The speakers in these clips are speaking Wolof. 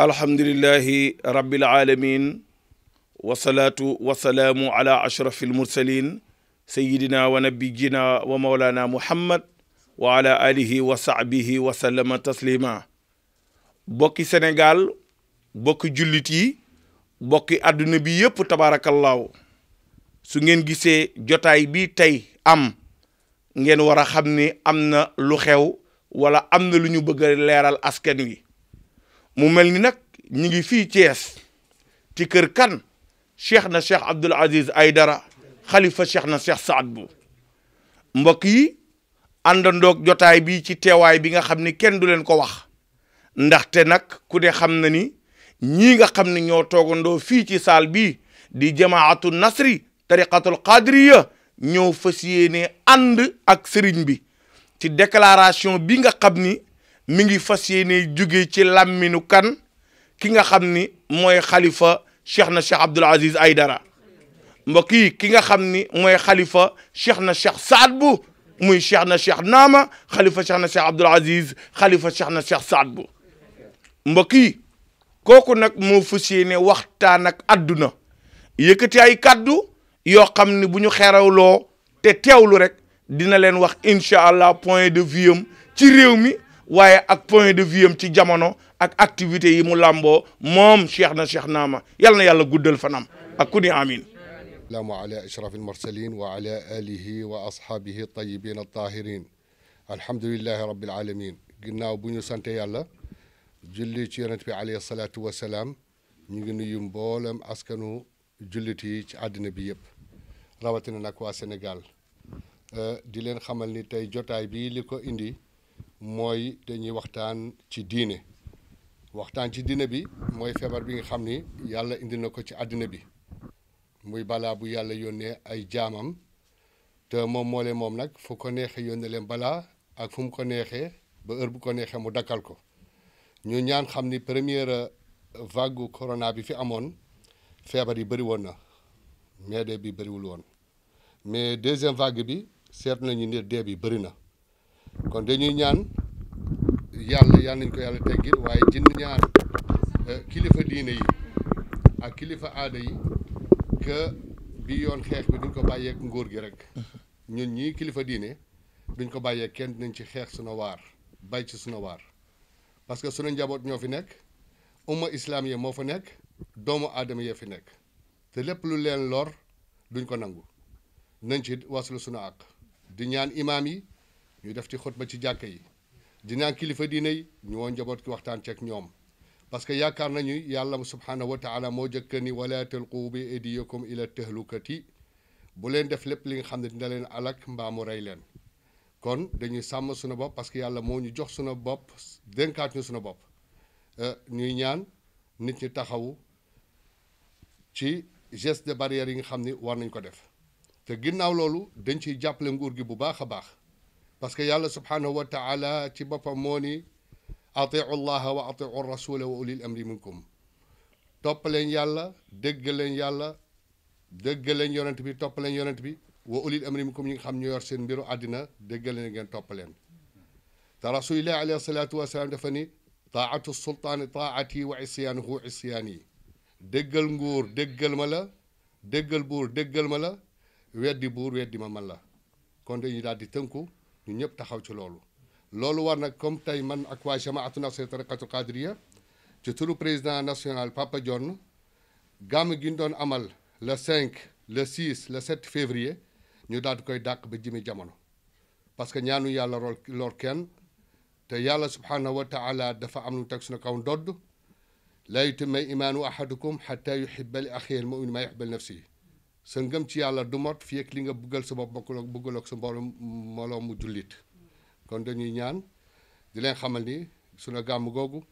alhamdulillahi rabbil alamin wasalaatu wasalaamu ala ashrafil mursalin sayidina wa nabiyina wa maulana muhammad wa ala alihi wa sahbihi wa taslima bokki sénégal bokki jullit yi bokki àdduna bi yëpp tabaarakallaahu su ngeen gisee jotaay bi tey am ngeen war a xam ni am na lu xew wala am na lu ñu bëgg leeral askan wi mu mel ni nag ñu ngi fii Thiès ci kër kan cheikh na cheikh Abdoul Aziz dara xalifa cheikh na cheikh Saad bu mbokk yi àndandoog jotaay bii ci teewaay bi nga xam ni kenn du leen ko wax ndaxte nag ku ne xam na ni ñi nga xam ni ñoo toogandoo fii ci saal bi di jamaatu nasri tariqatul qadriya ñoo fas ne ànd ak sëriñ bi ci déclaration bi nga xam ni mi ngi fas yéene jóge ci làmminu kan ki nga xam ni mooy xalifa cheikh na cheikh Abdoul Aziz dara mbokk yi ki nga xam ni mooy xalifa cheikh na cheikh Saad bu muy cheikh na cheikh Naama xalifa cheikh na cheikh Abdoul Aziz xalifa cheikh na cheikh Saad bu mbokk yi kooku nag moo fas yéene waxtaan ak adduna yëkkati ay kaddu yoo xam ni bu ñu xerawloo te teewlu rek dina leen wax incha allah point de vue ci réew mi. waaye ak point de vue am ci jamono ak activité yi mu làmboo moom cheikh na cheikh naama yàlla na yàlla guddal fanam ak ku ni amin salaamu ala ashraf almursalin wa ala alihi wa ashaabihi tayibin altahirin alhamdulilahi rabbil alamin ginnaaw bu ñu sante yàlla julli ci yonent bi alayhi salaatu wasalaam ñu ngi nuyu mboolem askanu jullit yi ci àddina bi yëpp rawatina nag waa Sénégal euh, di leen xamal ni tey jotaay bi li ko indi mooy dañuy waxtaan ci diine waxtaan ci diine bi mooy feebar bi nga xam ni yàlla indi na ko ci àddina bi muy balaa bu yàlla yónnee ay jaamam te moom moo leen moom nag fu ko neexee yónnee leen balaa ak fu mu ko neexee ba heure bu ko neexee mu dakkal ko ñu ñaan xam ni première vague corona bi fi amoon feebar yi bëri woon na mais dee bi bariwul woon mais deuxième vague bi seet nañu ni dee bi bëri na kon dañuy ñaan yàlla yàlla nañ ko yàlla teggil waaye jënd ñaan euh, kilifa diine yi ak kilifa aada yi que bi yoon xeex bi duñ ko bàyyeek ngóor gi rek ñun ñi kilifa diine duñ ko bàyyeek kenn nañ ci xeex suna waar bay ci suna waar parce que sunu njaboot ñoo fi nekk umma islaam yi moo fa nekk doomu aadama yee fi nekk te lépp lu leen lor duñ ko nangu nañ ci waslu sunu àq di ñaan imaam yi ñu def ci xot ba ci jàkka yi dinaa kilifa diine yi ñu njaboot ki waxtaan ceeg ñoom parce que yaakaar nañu yàlla subhaanahu wa taala moo jëkk ni wala telqu bi aydiyakum ila yi bu leen def lépp li nga xam ne dina leen alak mbaa mu rey leen kon dañuy sàmm sunu bopp parce que yàlla moo ñu jox sunu bopp dénkaat ñu sunu bopp euh, ñuy ñaan nit ñi taxawu ci geste de barrière yi nga xam ni war nañ ko def te ginnaaw loolu dañ ciy jàppale nguur gi bu baax a baax parce que yàlla subhaanahu wa taala ci boppam moo ni atiu llaha wa atiu rasula wa ulil amri minkum topp leen yàlla dégg leen yàlla dégg leen yonent bi topp leen yonent bi wa ulil amri minkum ñi nga xam ñu yor seen mbiru àddina dégg leen ngeen topp leen te rasulillahi alayhi salaatu wasalaam dafa ni taatu sultaani taati wa isyaanuhu isyaani yi déggal nguur déggal ma la déggal buur déggal ma la weddi buur weddi ma man la kon dañuy daal di tënku ñu ñëpp taxaw ci loolu loolu war nag comme tey man ak waa jamaatu nasri tariqatul qadiriya ci turu président national Papa Dione gàmm gi doon amal le 5 le 6 le 7 février ñu daal di koy dàq ba jimi jamono parce que ñaanu yàlla lool lool kenn te yàlla subhaanahu wa taala dafa am lu teg suñu kaw ndodd la yutimma imaanu ahadukum xata yuhibba li axihi al mumin ma yuhibba li nafsihi sa ngëm ci yàlla du mot fii ak li nga buggal sa bopp bokkul ak bëggal sa mbooloo mbooloo mu jullit kon dañuy ñaan di leen xamal ni sunu gàmm googu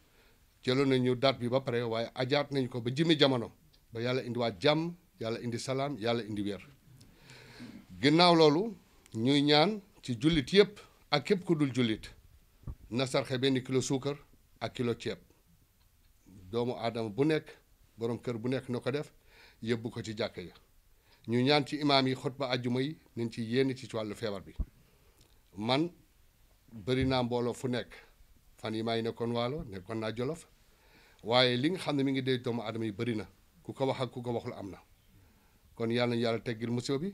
jëloon nañu daat bi ba pare waaye ajaat nañu ko ba jimmi jamono ba yàlla indiwaat jàmm yàlla indi salaam yàlla indi wér ginnaaw loolu ñuy ñaan ci jullit yëpp ak képp ku dul jullit na sarxe benn kilo suukar ak kilo ceeb doomu aadama bu nekk borom kër bu nekk na ko def yóbbu ko ci jàkka ya ñu ñaan ci imaam yi xutba ajjuma yi nañ ci yénn ci wàllu feebar bi man bëri naa mbooloo fu nekk fan yi maa ngi nekkoon waalo nekkoon naa jolof waaye li nga xam ne mu ngi dee doomu aadama yi bëri na ku ko wax ak ku ko waxul am na kon yàlla nañu yàlla teggil musiba bi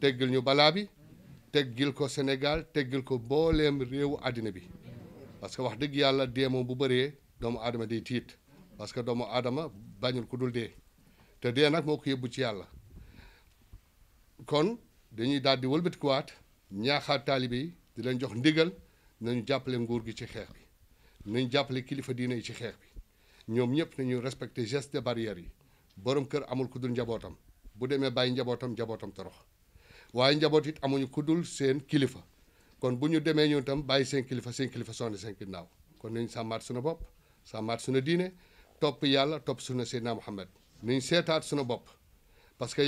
teggil ñu balaa bi teggil ko Sénégal teggil ko mbooleem réewu àddina bi parce que wax dëgg yàlla dee moom bu bëree doomu adama day tiit parce que doomu aadama bañul ku dul dee te dee nag moo ko yóbbu ci yàlla kon dañuy daal di wëlbatikuwaat ñaaxaat taalibe yi di leen jox ndigal nañu jàppale nguur gi ci xeex bi nañu jàppale kilifa diine yi ci xeex bi ñoom ñëpp nañu respecté gest de barrière yi borom kër amul ku dul njabootam bu demee bàyyi njabootam njabootam torox waaye njaboot it amuñu ku dul seen kilifa kon bu ñu demee ñëw itam bàyyi seen kilifa seen kilifa sonn seen ginnaaw kon nañu sàmmaat sunu bopp sàmmaat sunu diine topp yàlla topp sunu Seydina Muhammad nañu seetaat sunu bopp parce que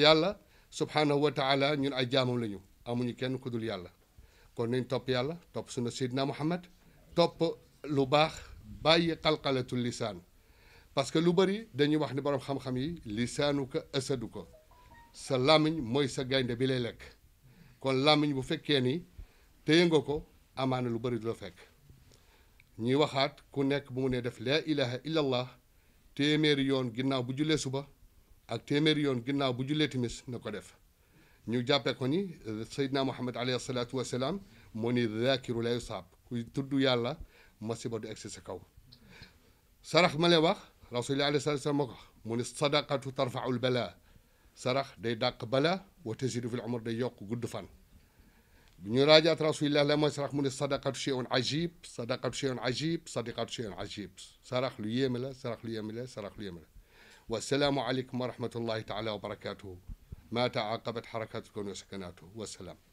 subhaanahu wa taala ñun ay jaamam lañu amuñu kenn ku dul yàlla kon nañ topp yàlla topp sunna seydina muhammad topp lu baax bàyyi xalqalatul lisaan parce que lu bëri dañuy wax ni boroom xam-xam yi lisaanu ko ësadu ko sa làmmiñ mooy sa gaynde bi lay lekk kon làmmiñ bu fekkee ni téye nga ko amaana lu bëri du la fekk ñuy waxaat ku nekk bu mu nee def laa ilaha illallah téeméeri yoon ginnaaw bu jullee suba ak téeméeri yoon ginnaaw bu jullee timis na ko def ñu jàppee ko ni euh, Seydina Muhammad alayhi salaatu wa salaam moo ni zaakiru laa yusaab kuy tudd yàlla masiba du egsi sa kaw sarax ma lay wax rasulullah alayhi salaatu wa salaam moo ko wax mu ni sadaqatu tarfaul bala sarax day dàq bala wa tazidu fil umr day yokk gudd fan ñu raajaat rasulillah la mooy sarax mu ne sadaqatu shay'un ajib sadaqatu shay'un ajib sadaqatu shay'un ajib sarax lu yéeme la sarax lu yéeme la sarax lu yéeme la والسلام عليكم ورحمة الله تعالى وبركاته ما تعاقبت حركات الكون وسكناته والسلام